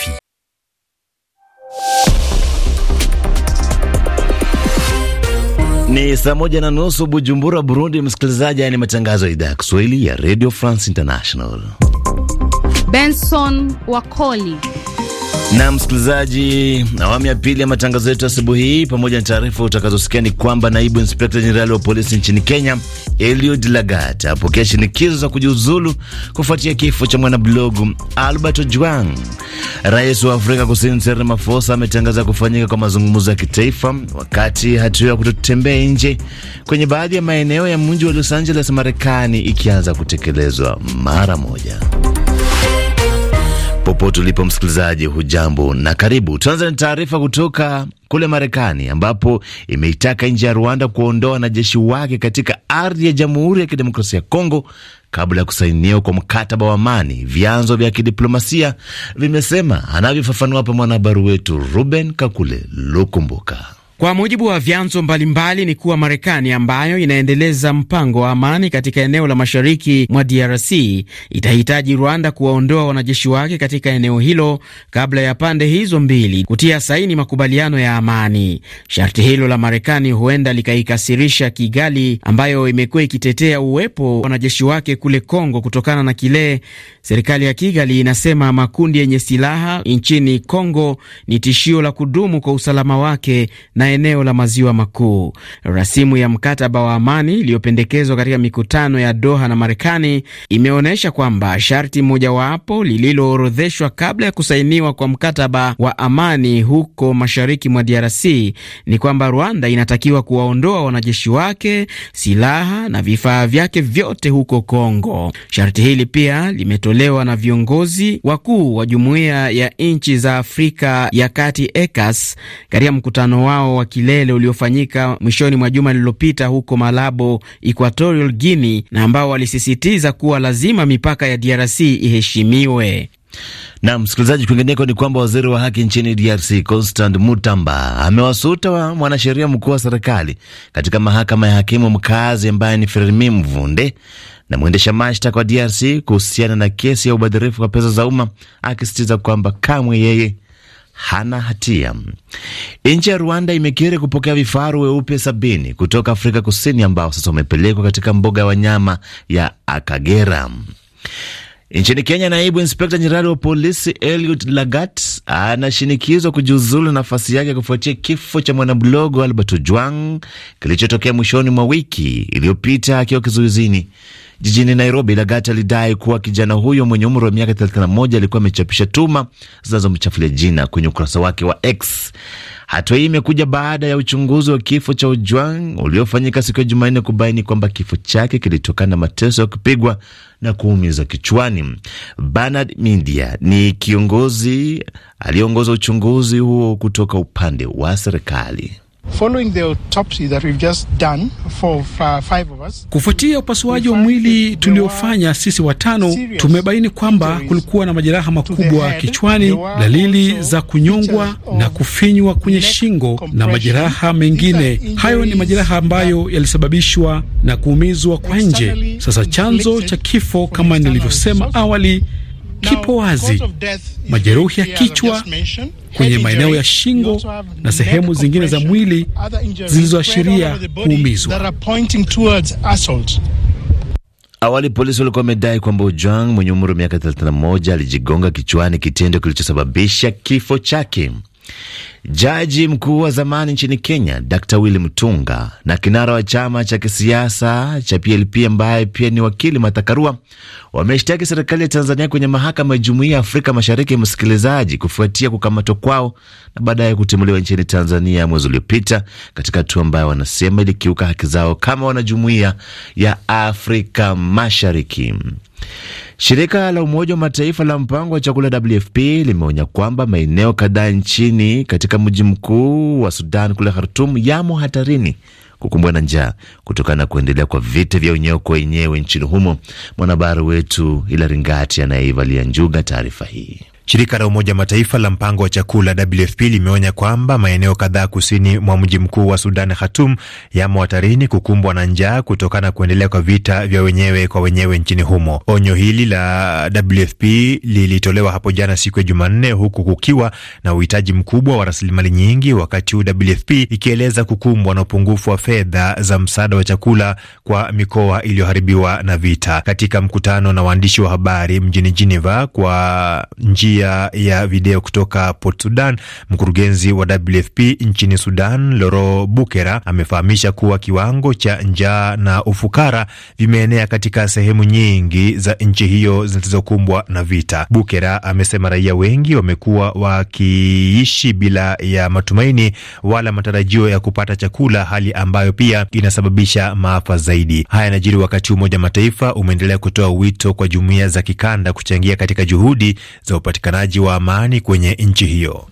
RFI. Ni saa moja na nusu Bujumbura, Burundi. Msikilizaji, haya ni matangazo ya idhaa ya Kiswahili ya Radio France International. Benson Wakoli na msikilizaji, awamu ya pili ya matangazo yetu asubuhi hii, pamoja na taarifa utakazosikia ni kwamba naibu inspekta jenerali wa polisi nchini Kenya Eliud Lagat apokea shinikizo za kujiuzulu kufuatia kifo cha mwanablogu Albert Ojwang. Rais wa Afrika Kusini Cyril Ramaphosa ametangaza kufanyika kwa mazungumzo ya kitaifa, wakati hatua ya kutotembea nje kwenye baadhi ya maeneo ya mji wa Los Angeles Marekani ikianza kutekelezwa mara moja popote ulipo msikilizaji, hujambo na karibu. Tuanza na taarifa kutoka kule Marekani ambapo imeitaka nchi ya Rwanda kuondoa wanajeshi wake katika ardhi ya Jamhuri ya Kidemokrasia ya Kongo kabla ya kusainiwa kwa mkataba wa amani, vyanzo vya kidiplomasia vimesema, anavyofafanua hapa mwanahabari wetu Ruben Kakule Lukumbuka. Kwa mujibu wa vyanzo mbalimbali ni kuwa Marekani ambayo inaendeleza mpango wa amani katika eneo la mashariki mwa DRC itahitaji Rwanda kuwaondoa wanajeshi wake katika eneo hilo kabla ya pande hizo mbili kutia saini makubaliano ya amani. Sharti hilo la Marekani huenda likaikasirisha Kigali ambayo imekuwa ikitetea uwepo wa wanajeshi wake kule Kongo kutokana na kile serikali ya Kigali inasema makundi yenye silaha nchini Kongo ni tishio la kudumu kwa usalama wake na eneo la maziwa makuu. Rasimu ya mkataba wa amani iliyopendekezwa katika mikutano ya Doha na Marekani imeonyesha kwamba sharti mojawapo lililoorodheshwa kabla ya kusainiwa kwa mkataba wa amani huko mashariki mwa DRC ni kwamba Rwanda inatakiwa kuwaondoa wanajeshi wake, silaha na vifaa vyake vyote huko Kongo. Sharti hili pia limetolewa na viongozi wakuu wa jumuiya ya nchi za Afrika ya Kati ECAS katika mkutano wao wa kilele uliofanyika mwishoni mwa juma lililopita huko Malabo, Equatorial Guinea, na ambao walisisitiza kuwa lazima mipaka ya DRC iheshimiwe. Na msikilizaji, kwingineko ni kwamba waziri wa haki nchini DRC Constant Mutamba amewasuta wa mwanasheria mkuu wa serikali katika mahakama ya hakimu mkazi ambaye ni Fermi Mvunde na mwendesha mashtaka wa DRC kuhusiana na kesi ya ubadhirifu wa pesa za umma, akisitiza kwamba kamwe yeye hana hatia. Nchi ya Rwanda imekiri kupokea vifaru weupe sabini kutoka Afrika Kusini ambao sasa wamepelekwa katika mbuga ya wanyama ya Akagera. Nchini Kenya, naibu inspekta jenerali wa polisi Eliud Lagat anashinikizwa kujiuzulu nafasi yake kufuatia kifo cha mwanablogo Albert Ojwang kilichotokea mwishoni mwa wiki iliyopita akiwa kizuizini Jijini Nairobi, Lagat alidai kuwa kijana huyo mwenye umri wa miaka 31 alikuwa amechapisha tuma zinazomchafulia jina kwenye ukurasa wake wa X. Hatua hii imekuja baada ya uchunguzi wa kifo cha Ojwang uliofanyika siku ya Jumanne kubaini kwamba kifo chake kilitokana na mateso ya kupigwa na kuumiza kichwani. Bernard Mindia ni kiongozi aliyeongoza uchunguzi huo kutoka upande wa serikali. Uh, Kufuatia upasuaji wa mwili tuliofanya sisi watano, tumebaini kwamba kulikuwa na majeraha makubwa kichwani, dalili za kunyongwa na kufinywa kwenye shingo na majeraha mengine. Hayo ni majeraha ambayo yalisababishwa na kuumizwa kwa nje. Sasa chanzo cha kifo kama nilivyosema awali kipo wazi: majeruhi ya kichwa kwenye maeneo ya shingo na sehemu zingine za mwili zilizoashiria kuumizwa. Awali polisi walikuwa wamedai kwamba Ojwang mwenye umri wa miaka 31 alijigonga kichwani, kitendo kilichosababisha kifo chake. Jaji mkuu wa zamani nchini Kenya Dr Willy Mutunga na kinara wa chama cha kisiasa cha PLP ambaye pia ni wakili Martha Karua wameshtaki serikali ya Tanzania kwenye mahakama ya Jumuiya ya Afrika Mashariki, msikilizaji, kufuatia kukamatwa kwao na baadaye kutimuliwa nchini Tanzania mwezi uliopita, katika hatua ambayo wanasema ilikiuka haki zao kama wanajumuiya ya Afrika Mashariki. Shirika la Umoja wa Mataifa la mpango wa chakula WFP limeonya kwamba maeneo kadhaa nchini katika mji mkuu wa Sudan kule Khartum yamo hatarini kukumbwa na njaa kutokana na kuendelea kwa vita vya wenyewe kwa wenyewe nchini humo. Mwanahabari wetu Ila Ringati anayeivalia njuga taarifa hii. Shirika la Umoja Mataifa la mpango wa chakula WFP limeonya kwamba maeneo kadhaa kusini mwa mji mkuu wa Sudan, Khartoum, yamo hatarini kukumbwa na njaa kutokana na kuendelea kwa vita vya wenyewe kwa wenyewe nchini humo. Onyo hili la WFP lilitolewa hapo jana siku ya Jumanne, huku kukiwa na uhitaji mkubwa wa rasilimali nyingi, wakati huu WFP ikieleza kukumbwa na upungufu wa fedha za msaada wa chakula kwa mikoa iliyoharibiwa na vita. Katika mkutano na waandishi wa habari mjini Geneva kwa njia pia ya video kutoka Port Sudan. Mkurugenzi wa WFP nchini Sudan, Loro Bukera, amefahamisha kuwa kiwango cha njaa na ufukara vimeenea katika sehemu nyingi za nchi hiyo zilizokumbwa na vita. Bukera amesema raia wengi wamekuwa wakiishi bila ya matumaini wala matarajio ya kupata chakula, hali ambayo pia inasababisha maafa zaidi. Haya yanajiri wakati Umoja Mataifa umeendelea kutoa wito kwa jumuiya za kikanda kuchangia katika juhudi za upatikanaji upatikanaji wa amani kwenye nchi hiyo.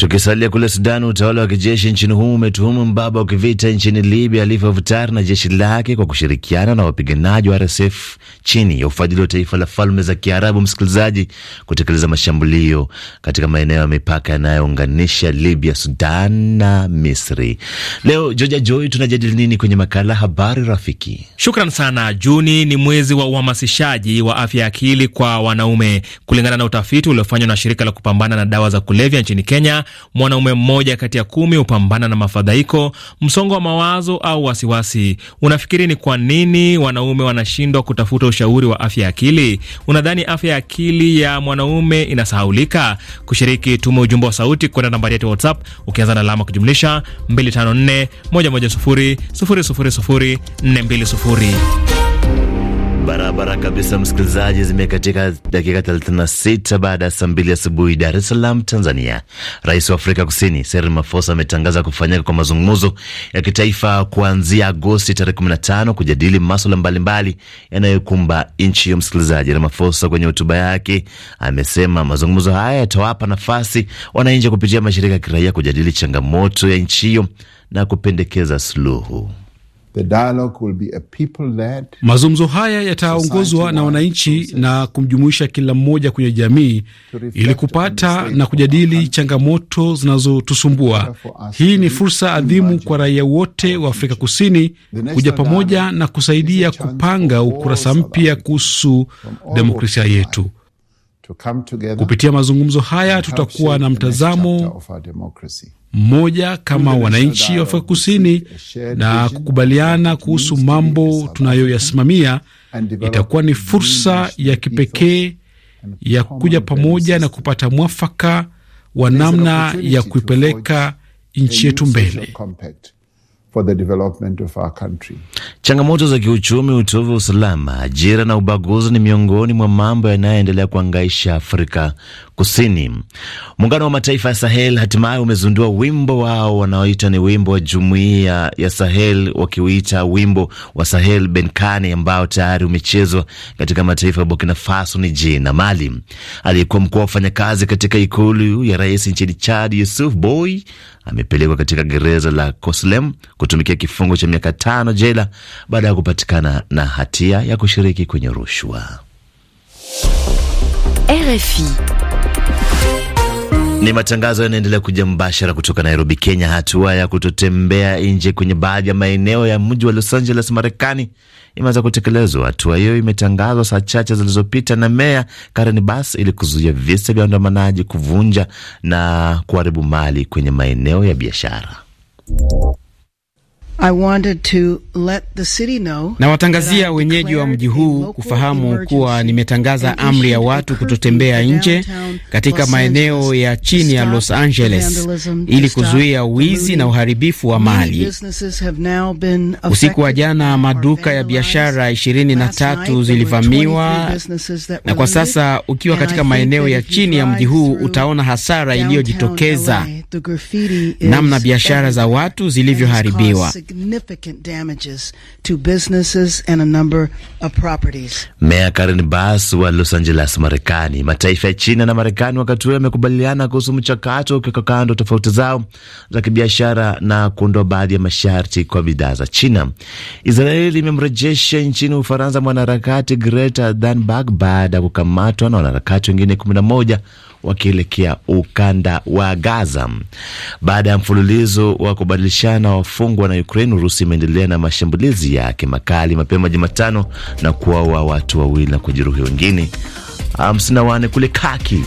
Tukisalia kule Sudani, utawala wa kijeshi nchini humo umetuhumu mbaba wa kivita nchini Libya Khalifa Haftar na jeshi lake kwa kushirikiana na wapiganaji wa RSF chini ya ufadhili wa taifa la Falme za Kiarabu, msikilizaji, kutekeleza mashambulio katika maeneo ya mipaka yanayounganisha Libya, Sudan na Misri. Leo Joja Joy, tunajadili nini kwenye makala Habari Rafiki? Shukran sana. Juni ni mwezi wa uhamasishaji wa afya ya akili kwa wanaume, kulingana na utafiti uliofanywa na shirika la kupambana na dawa za kulevya nchini Kenya mwanaume mmoja kati ya kumi hupambana na mafadhaiko, msongo wa mawazo au wasiwasi. Unafikiri ni kwa nini wanaume wanashindwa kutafuta ushauri wa afya ya akili? Unadhani afya ya akili ya mwanaume inasahaulika? Kushiriki, tume ujumbe wa sauti kwenda nambari yetu WhatsApp ukianza na alama kujumlisha 254 110 000 420 barabara kabisa, msikilizaji. Zimekatika dakika 36 baada ya saa mbili asubuhi Dar es Salaam, Tanzania. Rais wa Afrika Kusini Cyril Ramaphosa ametangaza kufanyika kwa mazungumzo ya kitaifa kuanzia Agosti tarehe 15 kujadili maswala mbalimbali yanayokumba nchi hiyo. Msikilizaji, Ramaphosa kwenye hotuba yake amesema mazungumzo haya yatawapa nafasi wananchi kupitia mashirika ya kiraia kujadili changamoto ya nchi hiyo na kupendekeza suluhu. Mazungumzo haya yataongozwa na wananchi na kumjumuisha kila mmoja kwenye jamii ili kupata na kujadili changamoto zinazotusumbua. Hii ni fursa adhimu kwa raia wote wa Afrika Kusini kuja pamoja na kusaidia kupanga ukurasa mpya kuhusu demokrasia yetu. Kupitia mazungumzo haya tutakuwa na mtazamo mmoja kama wananchi wa Afrika Kusini na kukubaliana kuhusu mambo tunayoyasimamia, itakuwa ni fursa ya kipekee ya kuja pamoja na kupata mwafaka wa namna ya kuipeleka nchi yetu mbele. For the development of our country. Changamoto za kiuchumi, utovu wa usalama, ajira na ubaguzi ni miongoni mwa mambo yanayoendelea kuangaisha Afrika Kusini. Muungano wa mataifa ya Sahel hatimaye umezundua wimbo wao wanaoita ni wimbo wa jumuiya ya Sahel, wakiuita wimbo wa Sahel Benkani, ambao tayari umechezwa katika mataifa ya Burkina Faso, Niger na Mali. Aliyekuwa mkuu wa wafanyakazi katika ikulu ya rais nchini Chad, Yusuf Boy, amepelekwa katika gereza la Koslem kutumikia kifungo cha miaka tano jela baada ya kupatikana na hatia ya kushiriki kwenye rushwa. RFI ni matangazo yanaendelea kuja mbashara kutoka Nairobi, Kenya. Hatua ya kutotembea nje kwenye baadhi ya maeneo ya mji wa Los Angeles, Marekani imeanza kutekelezwa. Hatua hiyo imetangazwa saa chache zilizopita na meya Karen Bass ili kuzuia visa vya waandamanaji kuvunja na kuharibu mali kwenye maeneo ya biashara. I wanted to let the city know, na watangazia wenyeji wa mji huu kufahamu kuwa nimetangaza amri ya watu kutotembea nje katika maeneo ya chini ya Los Angeles ili kuzuia wizi na uharibifu wa mali. Usiku wa jana maduka ya biashara 23 zilivamiwa, na kwa sasa ukiwa katika maeneo ya chini ya mji huu utaona hasara iliyojitokeza namna biashara za watu zilivyoharibiwa. Meya Karen Bass wa Los Angeles, Marekani. Mataifa ya China na Marekani wakati huo yamekubaliana kuhusu mchakato wa kando tofauti zao za kibiashara na kuondoa baadhi ya masharti kwa bidhaa za China. Israeli imemrejesha nchini Ufaransa mwanaharakati Greta Thunberg baada ya kukamatwa na wanaharakati wengine 11 wakielekea ukanda wa Gaza. Baada ya mfululizo wa kubadilishana wafungwa na Ukraine, Urusi imeendelea na mashambulizi yake makali mapema Jumatano na kuwaua watu wawili na kujeruhi wengine 54 kule Kharkiv.